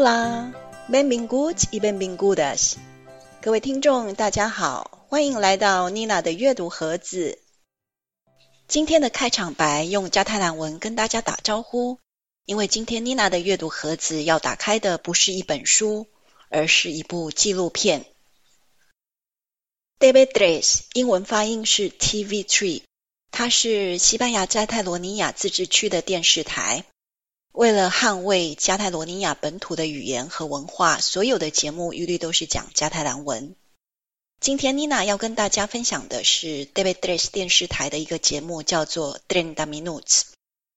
啦，benvinguts i benvingudes 各位聽眾大家好，歡迎來到妮娜的閱讀盒子。今天的開場白用加泰蘭文跟大家打招呼，因為今天妮娜的閱讀盒子要打開的不是一本書，而是一部紀錄片。Debretres，英文發音是 TV3，它是西班牙加泰羅尼亞自治區的電視台。為了捍衛加泰羅尼亞本土的語言和文化，所有的節目一律都是講加泰蘭文。今天妮娜要跟大家分享的是 TV3 電視台的一個節目，叫做30 Minuts，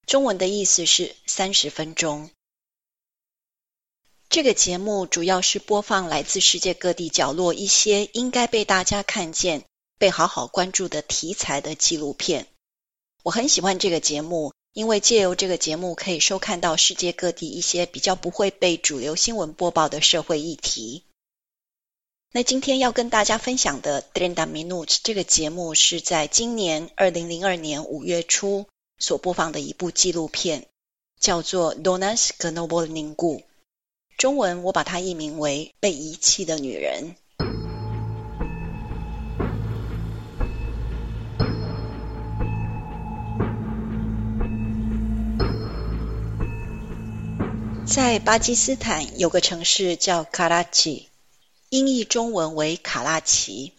中文的意思是三十分鐘。這個節目主要是播放來自世界各地角落一些應該被大家看見、被好好關注的題材的紀錄片。我很喜歡這個節目。因為借由這個節目，可以收看到世界各地一些比較不會被主流新聞播報的社會議題。那今天要跟大家分享的《30 Minuts》這個節目，是在今年二零二二年五月初所播放的一部紀錄片，叫做《Dones que no vol ningú》，中文我把它譯名為《被遺棄的女人》。在巴基斯坦有個城市叫卡拉奇，音譯中文為卡拉奇。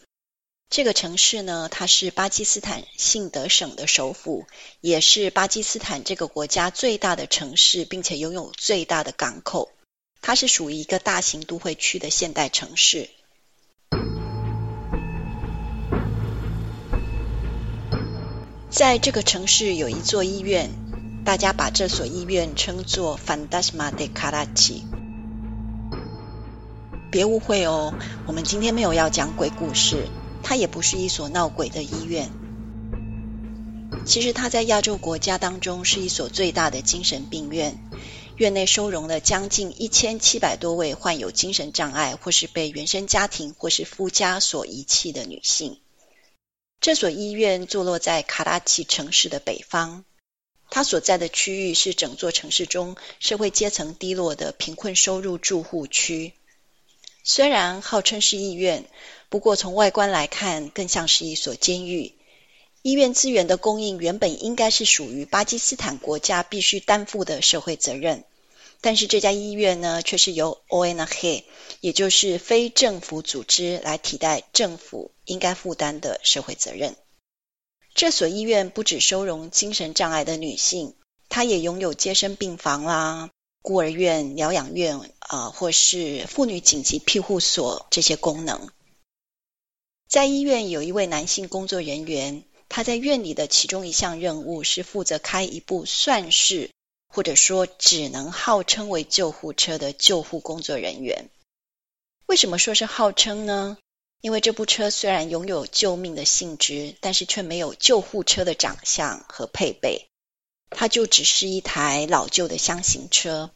這個城市呢，它是巴基斯坦信德省的首府，也是巴基斯坦這個國家最大的城市，並且擁有最大的港口。它是屬於一個大型都會區的現代城市。在這個城市有一座醫院。大家把這所醫院稱作 Fantasma de Karachi。別誤會哦，我們今天沒有要講鬼故事，它也不是一所鬧鬼的醫院。其實它在亞洲國家當中是一所最大的精神病院，院內收容了將近一千七百多位患有精神障礙或是被原生家庭或是夫家所遺棄的女性。這所醫院坐落在卡拉奇城市的北方。它所在的區域是整座城市中社會階層低落的貧困收入住戶區。雖然號稱是醫院，不過從外觀來看，更像是一所監獄。醫院資源的供應原本應該是屬於巴基斯坦國家必須擔負的社會責任，但是這家醫院呢，卻是由 o n h a 也就是非政府組織來替代政府應該負擔的社會責任。這所醫院不只收容精神障礙的女性，它也擁有接生病房啦、啊、孤兒院、療養院啊、呃，或是婦女緊急庇護所這些功能。在醫院有一位男性工作人員，他在院裡的其中一項任務是負責開一部算是或者說只能號稱為救護車的救護工作人員。為什麼說是號稱呢？因為這部車雖然擁有救命的性質，但是卻沒有救護車的長相和配備，它就只是一台老舊的箱型車。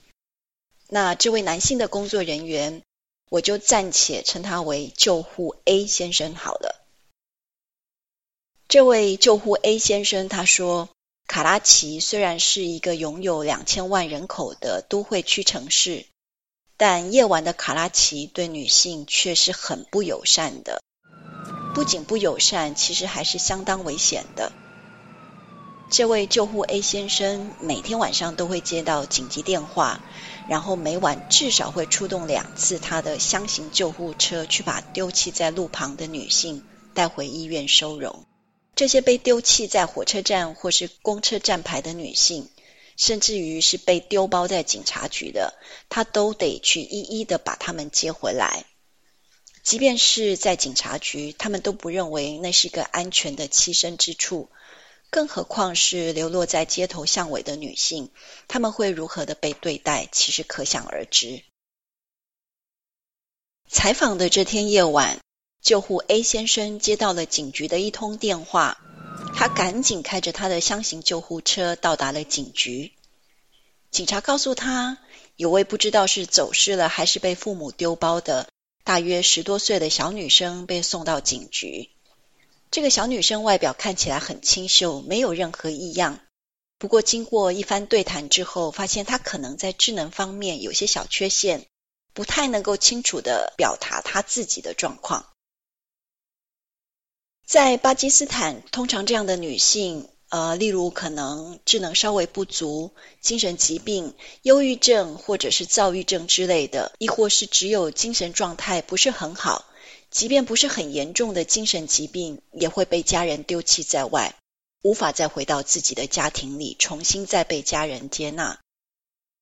那這位男性的工作人員，我就暫且稱他為救護 A 先生好了。這位救護 A 先生他說，卡拉奇雖然是一個擁有兩千萬人口的都會區城市。但夜晚的卡拉奇對女性卻是很不友善的，不僅不友善，其實還是相當危險的。這位救護 A 先生每天晚上都會接到緊急電話，然後每晚至少會出動兩次他的箱型救護車去把丟棄在路旁的女性帶回醫院收容。這些被丟棄在火車站或是公車站牌的女性，甚至於是被丟包在警察局的，他都得去一一的把他們接回來。即便是在警察局，他們都不認為那是一個安全的棲身之處，更何況是流落在街頭巷尾的女性，他們會如何的被對待，其實可想而知。採訪的這天夜晚，救護 A 先生接到了警局的一通電話。他趕緊開着他的廂型救護車到達了警局。警察告訴他，有位不知道是走失了還是被父母丟包的，大約十多歲的小女生被送到警局。這個小女生外表看起來很清秀，沒有任何異樣。不過經過一番對談之後，發現她可能在智能方面有些小缺陷，不太能夠清楚地表達她自己的狀況。在巴基斯坦，通常這樣的女性，呃，例如可能智能稍微不足、精神疾病、憂鬱症或者是躁鬱症之類的，亦或是只有精神狀態不是很好，即便不是很嚴重的精神疾病，也會被家人丟棄在外，無法再回到自己的家庭裡，重新再被家人接納。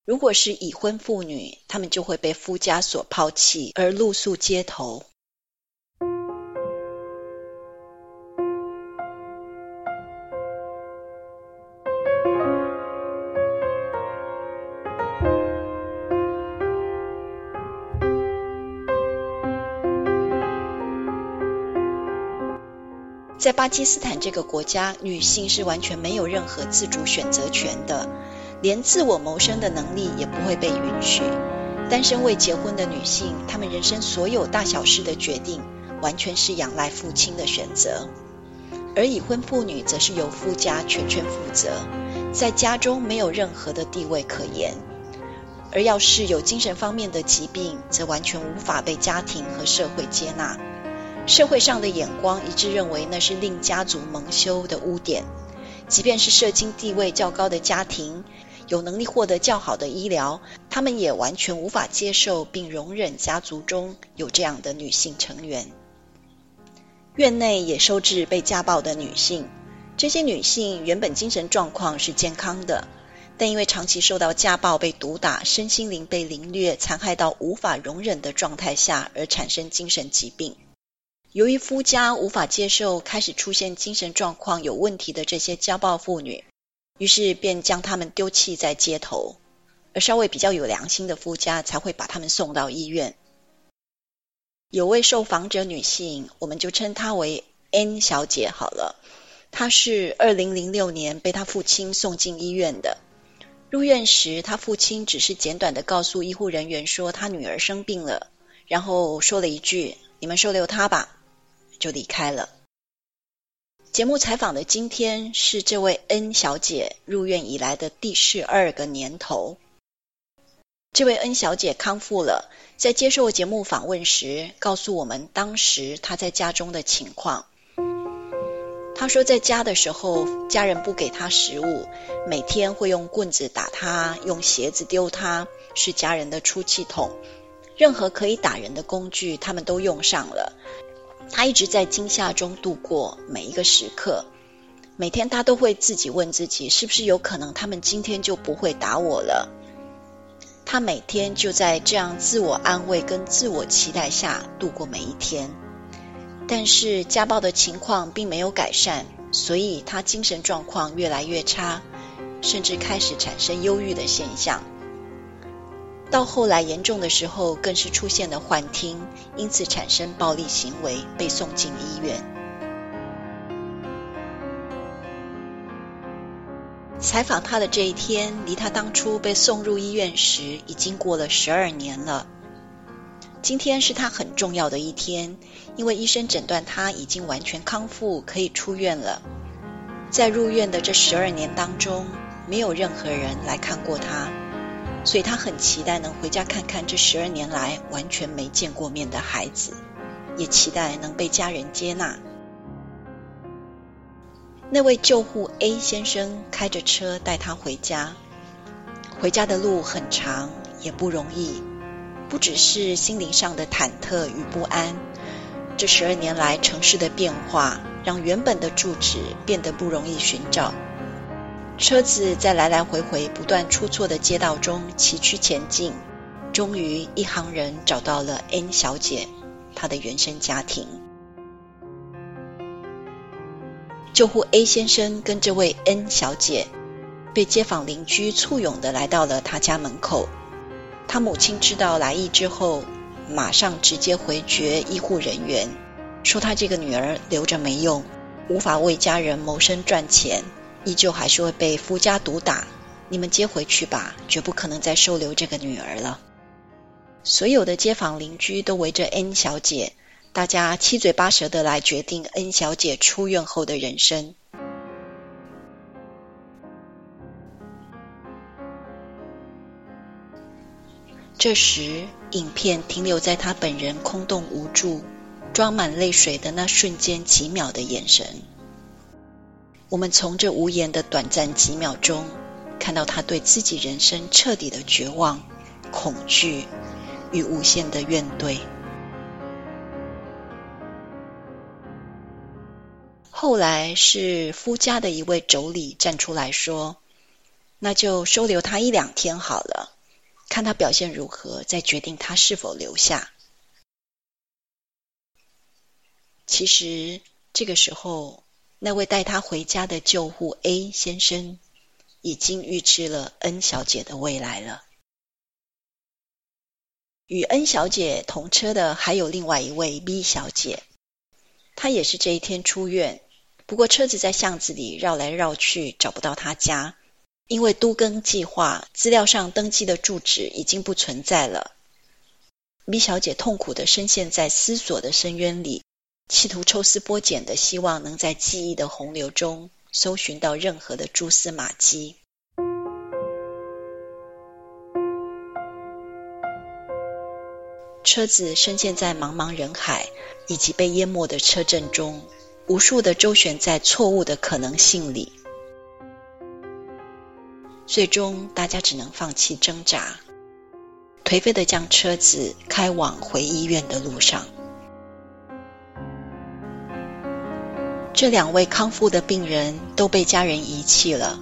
如果是已婚婦女，她們就會被夫家所拋棄，而露宿街頭。在巴基斯坦這個國家，女性是完全沒有任何自主選擇權的，連自我謀生的能力也不會被允許。單身未結婚的女性，她們人生所有大小事的決定，完全是仰賴父親的選擇；而已婚婦女則是由夫家全權負責，在家中沒有任何的地位可言。而要是有精神方面的疾病，則完全無法被家庭和社會接納。社會上的眼光一致認為那是令家族蒙羞的污點。即便是社經地位較高的家庭，有能力獲得較好的醫療，他們也完全無法接受並容忍家族中有這樣的女性成員。院內也收治被家暴的女性，這些女性原本精神狀況是健康的，但因為長期受到家暴、被毒打、身心靈被凌虐、殘害到無法容忍的狀態下，而產生精神疾病。由於夫家無法接受，開始出現精神狀況有問題的這些家暴婦女，於是便將她們丟棄在街頭。而稍微比較有良心的夫家，才會把她們送到醫院。有位受訪者女性，我們就稱她為 N 小姐好了。她是二零零六年被她父親送進醫院的。入院時，她父親只是簡短地告訴醫護人員說她女兒生病了，然後說了一句：“你們收留她吧。”就離開了。節目採訪的今天是這位 N 小姐入院以來的第十二個年頭。這位 N 小姐康復了，在接受節目訪問時，告訴我們當時她在家中的情況。她說，在家的時候，家人不給她食物，每天會用棍子打她，用鞋子丟她，是家人的出氣筒。任何可以打人的工具，他們都用上了。他一直在驚嚇中度過每一個時刻，每天他都會自己問自己，是不是有可能他們今天就不會打我了？他每天就在這樣自我安慰跟自我期待下度過每一天，但是家暴的情況並沒有改善，所以他精神狀況越來越差，甚至開始產生憂鬱的現象。到後來嚴重的時候，更是出現了幻聽，因此產生暴力行為，被送進醫院。採訪他的這一天，離他當初被送入醫院時已經過了十二年了。今天是他很重要的一天，因為醫生診斷他已經完全康復，可以出院了。在入院的這十二年當中，沒有任何人來看過他。所以他很期待能回家看看這十二年來完全沒見過面的孩子，也期待能被家人接納。那位救護 A 先生開着車帶他回家，回家的路很長也不容易，不只是心靈上的忐忑與不安，這十二年來城市的變化讓原本的住址變得不容易尋找。車子在來來回回不斷出錯的街道中崎嶇前進，終於一行人找到了 N 小姐，她的原生家庭。救護 A 先生跟這位 N 小姐被街坊鄰居簇擁地來到了她家門口。她母親知道來意之後，馬上直接回絕醫護人員，說她這個女兒留着沒用，無法為家人謀生賺錢。依舊還是會被夫家毒打，你們接回去吧，絕不可能再收留這個女兒了。所有的街坊鄰居都圍着 N 小姐，大家七嘴八舌地來決定 N 小姐出院後的人生。這時，影片停留在她本人空洞無助、裝滿淚水的那瞬間，幾秒的眼神。我們從這無言的短暫幾秒鐘，看到他對自己人生徹底的絕望、恐懼與無限的怨懟。後來是夫家的一位妯娌站出來說：“那就收留他一兩天好了，看他表現如何，再決定他是否留下。”其實這個時候。那位帶她回家的救護 A 先生已經預知了 N 小姐的未來了。與 N 小姐同車的還有另外一位 B 小姐，她也是這一天出院。不過車子在巷子裡繞來繞去，找不到她家，因為都更計劃資料上登記的住址已經不存在了。B 小姐痛苦地深陷，陷在思索的深淵裡。企圖抽絲剝繭的，希望能在記憶的洪流中搜尋到任何的蛛絲馬跡。車子深陷在茫茫人海以及被淹沒的車陣中，無數的周旋在錯誤的可能性裡，最終大家只能放棄掙扎，頹廢的將車子開往回醫院的路上。這兩位康復的病人都被家人遺棄了，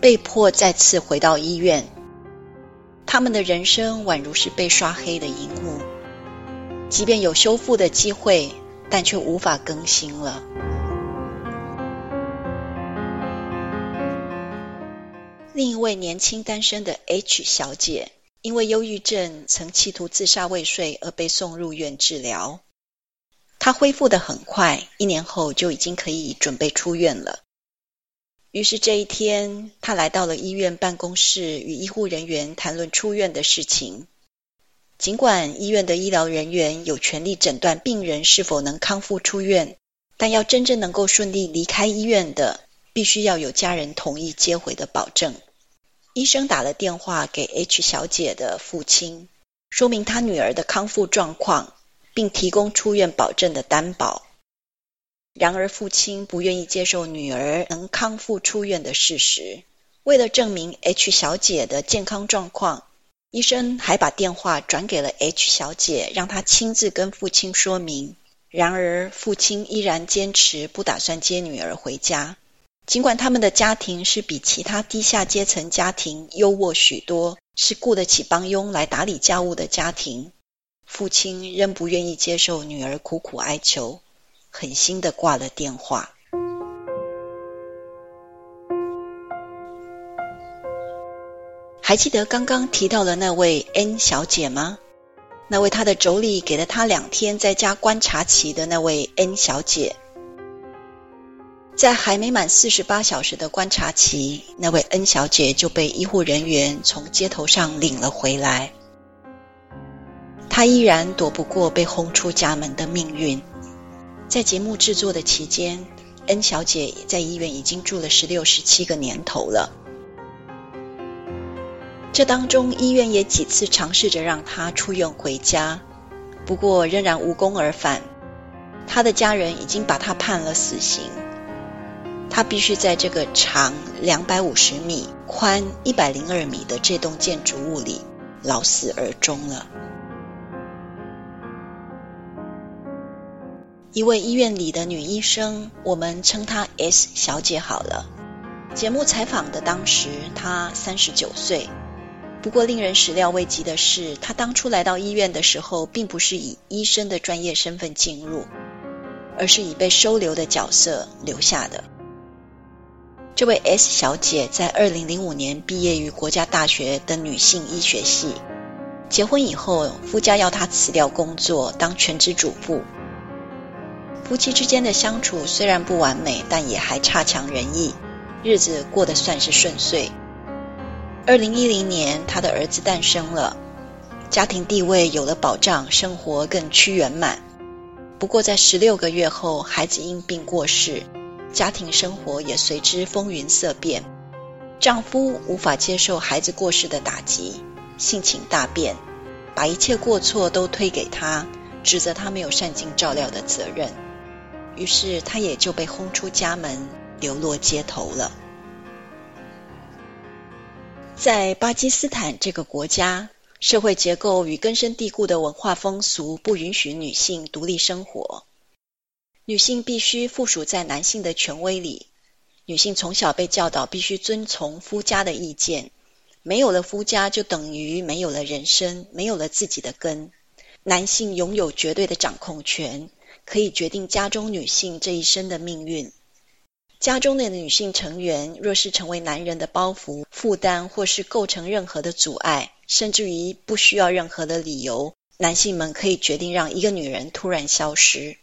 被迫再次回到醫院。他們的人生宛如是被刷黑的熒幕，即便有修復的機會，但卻無法更新了。另一位年輕單身的 H 小姐，因為憂鬱症曾企圖自殺未遂而被送入院治療。他恢復得很快，一年後就已經可以準備出院了。於是這一天，他來到了醫院辦公室，與醫護人員談論出院的事情。儘管醫院的醫療人員有權利診斷病人是否能康復出院，但要真正能夠順利離開醫院的，必須要有家人同意接回的保證。醫生打了電話給 H 小姐的父親，說明她女兒的康復狀況。並提供出院保證的擔保。然而，父親不願意接受女兒能康復出院的事實。為了證明 H 小姐的健康狀況，醫生還把電話轉給了 H 小姐，讓她親自跟父親說明。然而，父親依然堅持不打算接女兒回家。儘管他們的家庭是比其他低下階層家庭優渥許多，是僱得起幫傭來打理家務的家庭。父親仍不願意接受女兒苦苦哀求，狠心的掛了電話。還記得剛剛提到了那位 N 小姐嗎？那位她的妯娌給了她兩天在家觀察期的那位 N 小姐，在還沒滿四十八小時的觀察期，那位 N 小姐就被醫護人員從街頭上領了回來。她依然躲不過被轟出家門的命運。在節目製作的期間，N 小姐在醫院已經住了十六、十七個年頭了。這當中，醫院也幾次嘗試着讓她出院回家，不過仍然無功而返。她的家人已經把她判了死刑，她必須在這個長兩百五十米、寬一百零二米的這棟建築物裡老死而終了。一位醫院裡的女醫生，我們稱她 S 小姐好了。節目採訪的當時，她三十九歲。不過令人始料未及的是，她當初來到醫院的時候，並不是以醫生的專業身份進入，而是以被收留的角色留下的。這位 S 小姐在二零零五年畢業於國家大學的女性醫學系。結婚以後，夫家要她辭掉工作，當全職主婦。夫妻之間的相處雖然不完美，但也還差強人意，日子過得算是順遂。二零一零年，她的兒子誕生了，家庭地位有了保障，生活更趨圓滿。不過，在十六個月後，孩子因病過世，家庭生活也隨之風雲色變。丈夫無法接受孩子過世的打擊，性情大變，把一切過錯都推給她，指責她沒有善盡照料的責任。於是，她也就被轟出家門，流落街頭了。在巴基斯坦這個國家，社會結構與根深蒂固的文化風俗不允許女性獨立生活。女性必須附屬在男性的權威裡，女性從小被教導必須遵從夫家的意見。沒有了夫家，就等於沒有了人生，沒有了自己的根。男性擁有絕對的掌控權。可以決定家中女性這一生的命運。家中的女性成員，若是成為男人的包袱、負擔，或是構成任何的阻礙，甚至於不需要任何的理由，男性們可以決定讓一個女人突然消失。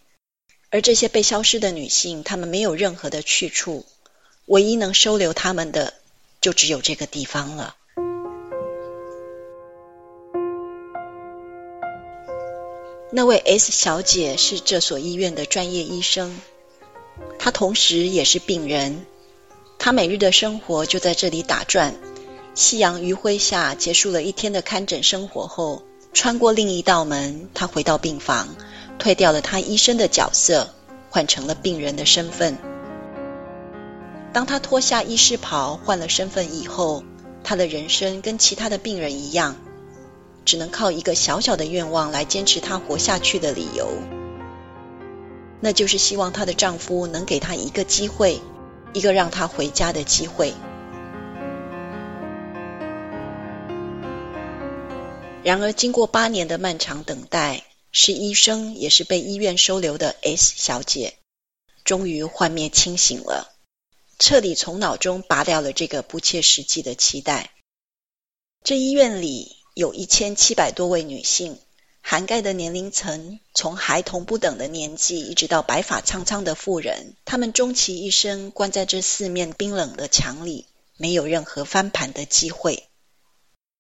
而這些被消失的女性，她們沒有任何的去處，唯一能收留她們的，就只有這個地方了。那位 S 小姐是這所醫院的專業醫生，她同時也是病人。她每日的生活就在這裡打轉。夕陽餘暉下，結束了一天的看診生活後，穿過另一道門，她回到病房，退掉了她醫生的角色，換成了病人的身份。當她脫下醫師袍，換了身份以後，她的人生跟其他的病人一樣。只能靠一個小小的願望來堅持她活下去的理由，那就是希望她的丈夫能給她一個機會，一個讓她回家的機會。然而，經過八年的漫長等待，是醫生，也是被醫院收留的 S 小姐，終於幻滅清醒了，徹底從腦中拔掉了這個不切實際的期待。這醫院裡。1 有一千七百多位女性，涵蓋的年齡層從孩童不等的年紀，一直到白髮蒼蒼的婦人，她們終其一生關在這四面冰冷的牆裡，沒有任何翻盤的機會。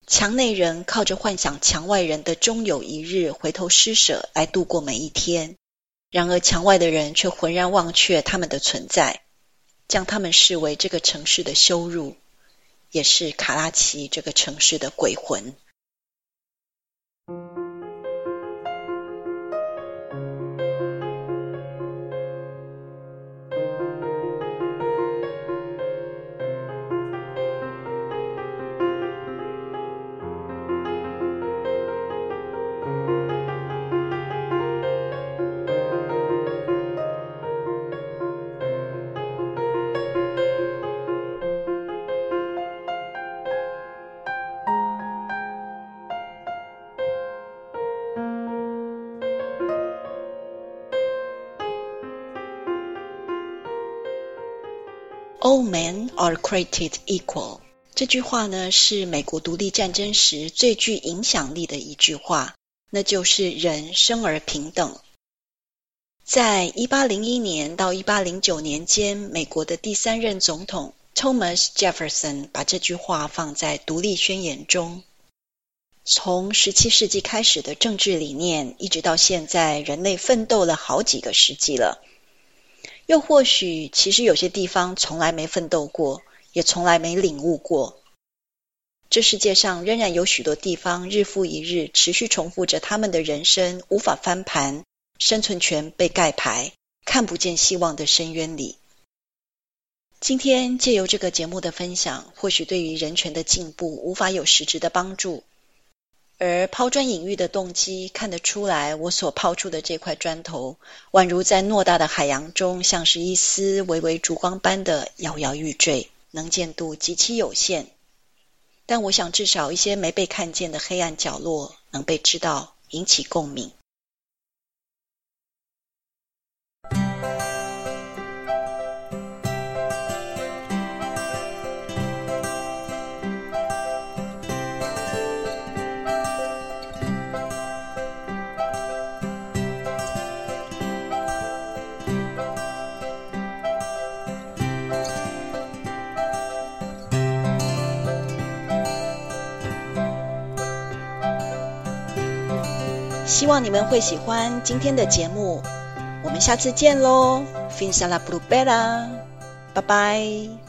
牆內人靠着幻想牆外人的終有一日回頭施舍來度過每一天，然而牆外的人卻渾然忘卻他們的存在，將他們視為這個城市的羞辱，也是卡拉奇這個城市的鬼魂。All men are created equal。這句話呢，是美國獨立戰爭時最具影響力的一句話，那就是人生而平等。在1801年到1809年間，美國的第三任總統 Thomas Jefferson 把這句話放在獨立宣言中。從17世紀開始的政治理念，一直到現在，人類奮鬥了好幾個世紀了。又或許，其實有些地方從來沒奮鬥過，也從來沒領悟過。這世界上仍然有許多地方，日復一日持續重複着他們的人生，無法翻盤，生存權被蓋牌，看不見希望的深淵裡。今天借由這個節目的分享，或許對於人權的進步，無法有實質的幫助。而拋磚引玉的動機看得出來，我所拋出的這塊磚頭，宛如在偌大的海洋中，像是一絲微微燭光般的搖搖欲墜，能見度極其有限。但我想，至少一些沒被看見的黑暗角落能被知道，引起共鳴。希望你們會喜歡今天的節目，我們下次見嘍，Fins la propera, 拜拜。